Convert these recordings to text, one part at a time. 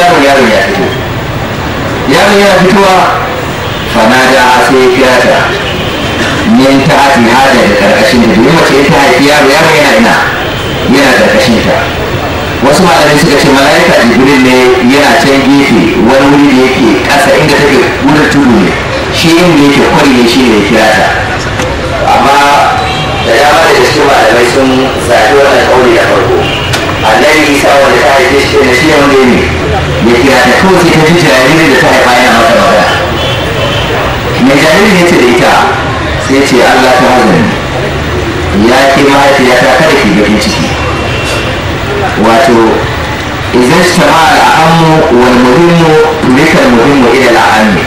yaron yaron ya fito yaron ya fitowa fanada sai ya ta. min ta ati hada da karkashin ta domin ce ta haifi yaro yaro yana ina yana karkashin ta wasu malamai suka ce malaika jibril ne yana can gefe wani wuri da yake ƙasa inda take wurin tudu ne shi yin da yake kwari ne shi ne ya ta. amma da dama da cikin malamai sun zaɓi wannan ƙauri da farko annabi isa wanda ta haife shi ne shi wanda ne ya kira ta kawai sai ta ji jariri da ta haifa yana mata magana mai jariri ya ce da ita sai ce Allah ta hazari ya ke mahaifiyata kada ki bakin ciki wato idan su tama al'ammu wani muhimmu tulikar muhimmu ila al'ammi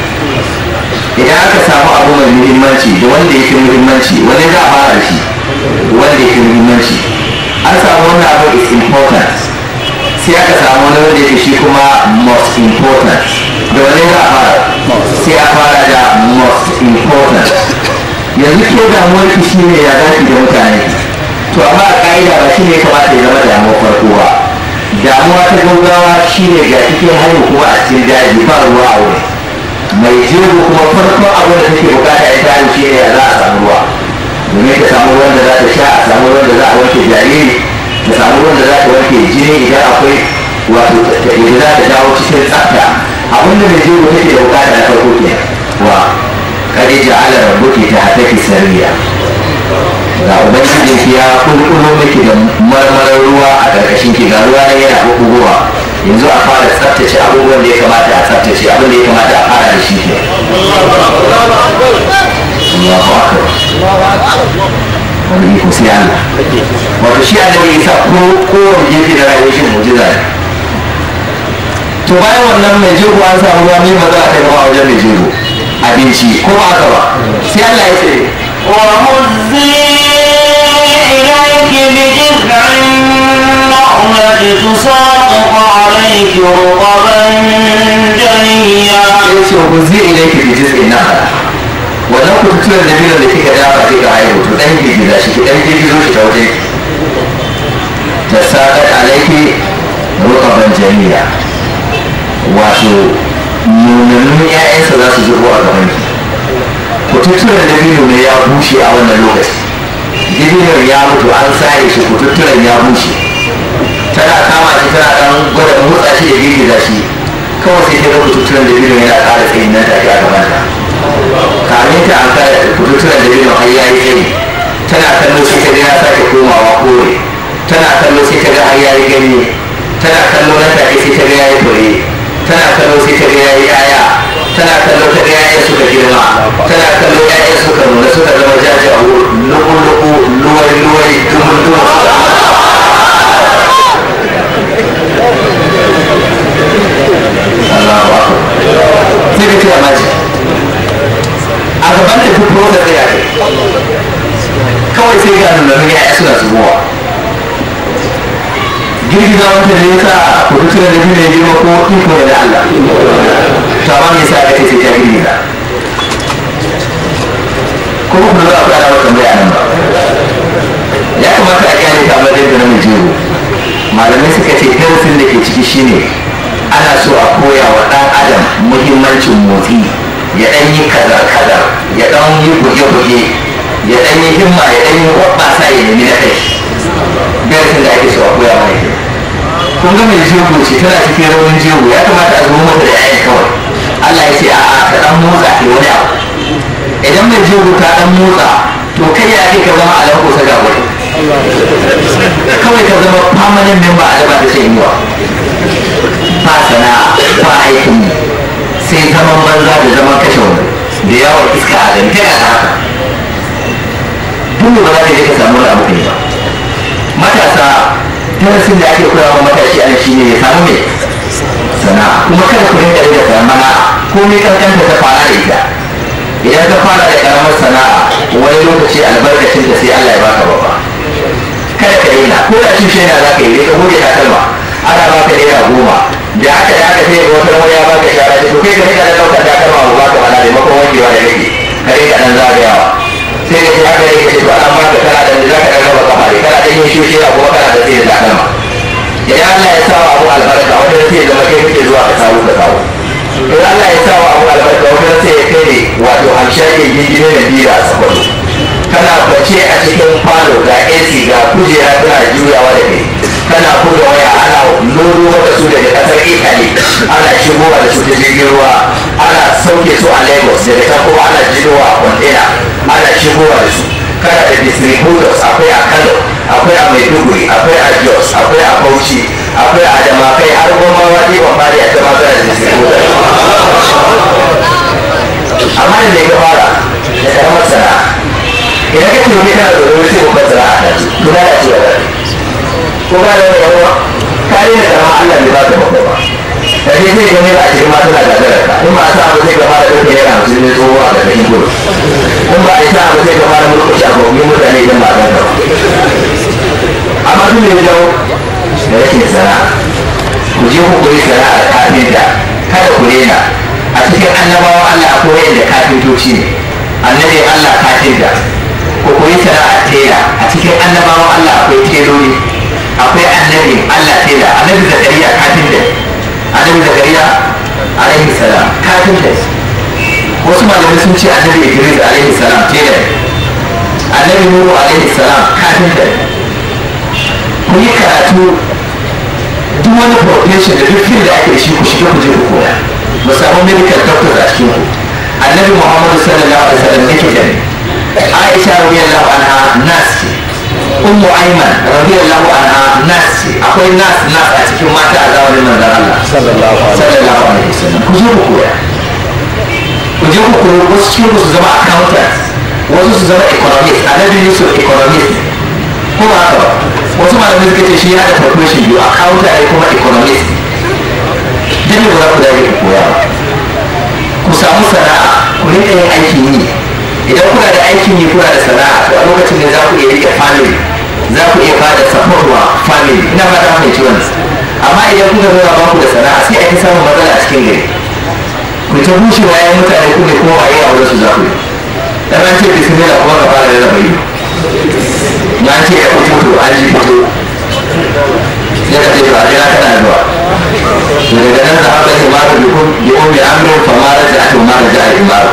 idan aka samu abu mai muhimmanci da wanda ya fi muhimmanci wani za a fara shi wanda ya fi muhimmanci an samu wannan abu is important sai aka samu wani wanda yake shi kuma most important da wani za fara sai a fara da most important yanzu ke damuwar ki shi ne ya zafi da mutane to amma a ka'ida ba shi ne kamata ya zama damuwar farko ba damuwa ta gaggawa shi ne ga cikin hanyar kuma a cikin daji ba ruwa a wuri mai jirgin kuma farko abin da take bukata ya tashi shi ne ya za a samu ruwa domin ta samu ruwan da za ta sha a samu ruwan da za a wanke jariri ta samu ruwan da za ta wanke jini idan akwai wato ita za ta dawo cikin tsafta abin da mai jego take da bukata na farko ke wa kare ja'ala rabbuki ta hataki sariya ga ubangijin ki ya kulkulo miki da marmarar ruwa a ƙarƙashin ki ga ruwa nan yana bugowa yanzu a fara tsaftace abubuwan da ya kamata a tsaftace abin da ya kamata a fara da shi ke Allahu akbar wani iko sai Allah wato shi annabi ya sa ko kowane gefe da rayuwar shi mu'jiza ne to bayan wannan mai jego an samu ruwa ne ba za a taimaka a wajen mai jego abinci ko ba haka ba sai Allah ya ce wa muzzi ilayki bi jiz'in na'lati tusaqqa alayki rutaban janiya yace wa muzzi ilayki bi jiz'in na'la wannan kututtuwar da bilan da kika dafa kika haihu to dan girgiza shi ki dan girgizo shi ta waje tasaqqa alayki rutaban janiya wato nunannun ya'yansa za su zubo a gaban ki ku dabino ne ya bushe a wannan lokaci dabinon ya mutu an sare shi ku ya bushe tana kama shi tana dan gwada motsa shi da girgiza shi kawai sai ta kututturan dabino yana ƙara tsayi nan take a gaban ta kamin ta an kara kututturan dabino har ya yi tsayi tana kallo sai ta ya sake komawa kore tana kallo sai ta ga har ya yi ganye tana kallo nan take sai ta ga ya yi tana kallo sai ta ga yayi aya tana kallo ta ga yayi suka girma tana kallo yayi suka nuna suka zama jaji a wurin lubu lubu luwai luwai dumun dumun Allah ba sai ka kira maji a gaban da duk rosa tsaya kawai sai ga nuna ga su suna zubowa girgiza wanda ne sa ku duk da nabi ne girma ko iko da Allah to amma me yasa ake ce jahili da kuma ku za ku fara maka bayanan ba ya kamata a gane ta wajen da namu jero malamai suka ce darasin da ke ciki shine ana so a koya wa ɗan adam muhimmancin motsi ya ɗan yi kaza kaza ya ɗan yi buge buge ya ɗan yi himma ya ɗan yi hoɓɓasa ya nemi na kai darasin da ake so a koya mana ke kun ga mai jego ce tana cikin raunin jego ya kamata a zo mata da yayin kawai Allah ya ce a a ka dan motsa ke wani abu idan mai jego ta dan motsa to kai ya ake ka zama a lanko saga wani kawai ka zama permanent member a daba da sai yiwa ba sana ba aikin sai zaman banza da zaman kashe wani da yawon iska a gani kai a haka duk da ba za ka je ka samu wani abu ne ba matasa darasin da ake koyawa matashi a shi ne ya samu mai sana kuma kada ku rinka da karamana ko mai kankanta ta fara da ita idan ka fara da karamar sana'a wani lokaci albarkacin da sai Allah ya baka baba kada ka yi na ko da shi shaina za ka yi ka gode takalma ana baka naira goma da aka da aka sai wata wani ya baka shara sai ya dama idan Allah ya sa abu albarka wata sai ya zama kai kake zuwa ka samu da kawo idan Allah ya sa abu albarka wata sai ya kai ne wato hamshakin gingine da biyu a sabato kana bace a cikin falo ga AC ga kujera tana juyawa da kai kana buga waya ana loro maka su daga kasar Italy ana shigowa da su da jirgin ruwa ana sauke su a Lagos daga kan kuma ana jirowa a kwantena ana shigowa da su kana da distributors akwai a kano akwai a maiduguri akwai a jos akwai a bauchi akwai a damakai har goma wani bambari a dama kana da distributors amma da ya fara da karamar sana'a idan ka tuni kana da wani babbar sana'a da tuna da ce da ko ba da wani yawa kare da karama allah bai ba ta babba ba da ke zai gani ba a cikin masu na gagarar ka in a sa abu zai gaba da ɗauke yana musulmi tsohuwa da ɗan gudu mun ba a ba zai gaba da mutu kusa ba mun mutane idan ba a ba amma duk da yau da rashin sana'a ku je ku koyi sana'a kafinta kada ku daina a cikin annabawa Allah a koyar da kafintoci ne annabi Allah kafinta ku koyi sana'a tela a cikin annabawa Allah akwai teloli akwai annabi Allah tela annabi zakariya kafinta annabi zakariya alaihi salam kafinta wasu malamai sun ce annabi idris alaihi salam ce da annabi nuhu alaihi salam kafin da ku yi karatu duk wani profession da duk da ake shi ku shiga ku je ku koya mu samu medical doctors a cikin ku annabi muhammadu sallallahu alaihi wasallam nake da ni aisha radiyallahu anha nas ce ummu aiman radiyallahu anha nas ce akwai nas nas a cikin mata a zamanin manzon Allah sallallahu alaihi wasallam ku je ku koya ku je ku koyo wasu cikin su zama accountant wasu su zama economist annabi yusuf economist ko ba haka wasu malamai suka ce shi yana da profession biyu accountant ne kuma economist duk da za ku dage ku koya ku samu sana'a ku rinka yin aikin yi idan kuna da aikin yi kuna da sana'a to a lokacin ne za ku iya rike family za ku iya bada support wa family ina ba ta fahimci wannan amma idan kuka zo ba ku da sana'a sai a ta samun matsala a cikin gari mutum ta bushewa ya mutane kuke kuma waye a wurin su za ku dan an ce da kuma ka fara yana ido na ce ya fito to an ji fito ya ka ce ba a jira kana zuwa daga nan da haka ke mara bikon bikon bi an rufe mara da ake mara da ake mara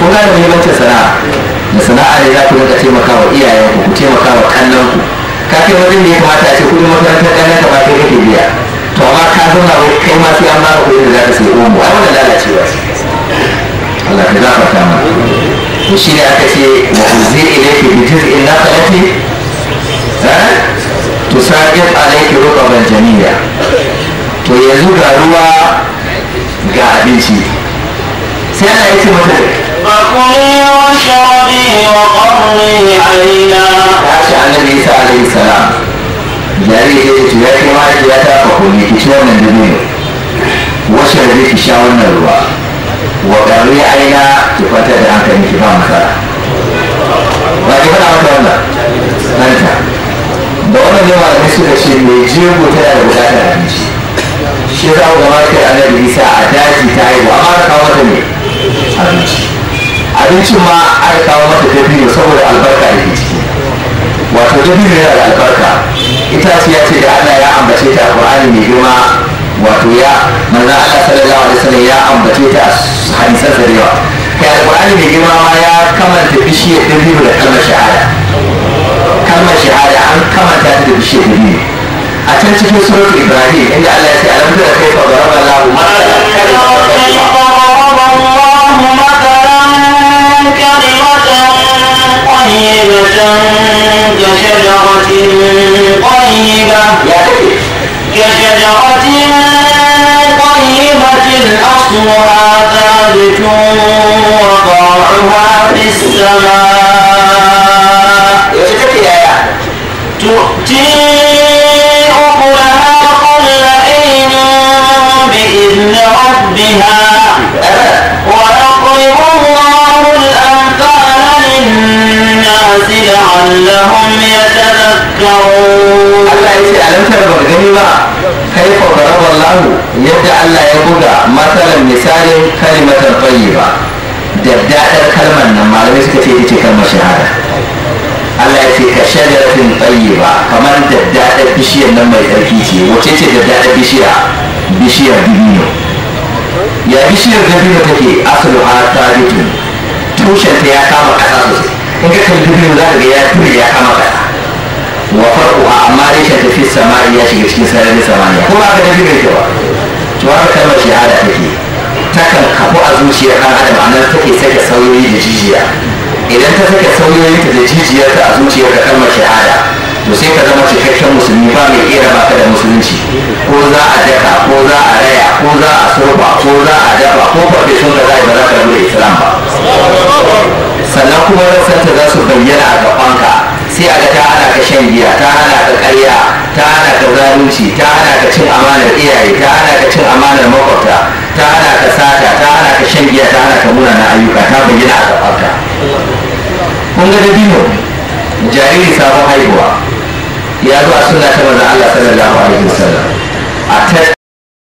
ko ga yi mace sana'a da sana'a ne za ku rinka taimaka wa iyayenku ku taimaka wa kannanku ka wajen da ya kamata a ce kudin makarantar ɗan ka ba kai kake biya to amma ka zauna kai ma sai an ba ka kuɗin da za ka sai omo ai wannan lalacewa Allah ka gafarta ma to shi ne aka ce wa uzzi ilayki bi jiz'in naqlati ha to saqit alayki ruqaban jami'a. to yanzu ga ruwa ga abinci sai Allah ya ce mata فكلي واشربي وقري عينا. عاش على النبي عليه السلام. jariri ya ce ya ce mahaifiya ta ka kone ki ci wannan dubi wasu da ki sha wannan ruwa wa gari aina ki kwantar da hankali ki ba masara ba ki faɗa mata wannan ɗanta da wannan ne ma da shi ce mai jego tana da bukatar abinci shi za ku zama kai annabi isa a daji ta yi amma da kawo mata ne abinci abincin ma aka kawo mata dabino saboda albarka da ke ciki wato dabino yana da albarka itaciya ce da ana ya ambace ta a Qur'ani mai girma wato ya manzo Allah sallallahu alaihi wasallam ya ambace ta su hadisan da yawa kai Qur'ani mai girma ma ya kamanta bishiyar dabiru da kalmar shahada kalmar shahada an kamanta ta da bishiyar dabiru a can cikin suratul Ibrahim inda Allah ya ce alam tara kaifa daraba Allahu masalan طيبة كشجرة طيبة كشجرة طيبة أصلها ثابت لعلهم يتذكرون الله يجي ألم ترى بغنيمة كيف ضرب الله يبدأ الله يبدأ مثلا مثال كلمة طيبة daddadar kalmar nan malamai suka ce ita kalmar shahada Allah ya ce ka shajaratin tayyiba kamar daddadar bishiyar nan mai tsarki ce wace ce daddadar bishiya bishiyar dabino ya bishiyar dabino take asalu ta ya kama kasa in ka kalli bidiyo za ka ga ya tuni ya kama ka wa farko amma reshen tafi samari ya shiga cikin sararin samaniya ko ba ka da bidiyo ke ba to haka kalmar shahada take takan kafu a zuciyar kan adam a nan take sake sauyoyi da jijiya idan ta sake sauyoyin ta da jijiyarta a zuciyar ka kalmar shahada to sai ka zama cikakken musulmi ba mai iya raba ka da musulunci ko za a daka ko za a raya ko za a surba ko za a dafa ko farfesun da za a yi ba za ka rabu da islam ba sannan kuma rasanta za su bayyana a gabanka sai a ga ta hana ka shan giya ta hana ka karya ta hana ka zalunci ta hana ka cin amanar iyaye ta hana ka cin amanar makwabta ta hana ka sata ta hana ka shan giya ta hana ka munana ayyuka ta bayyana a gabanka kun ga dabino jariri sabon haihuwa ya zo a suna ta maza Allah sallallahu alaihi wasallam a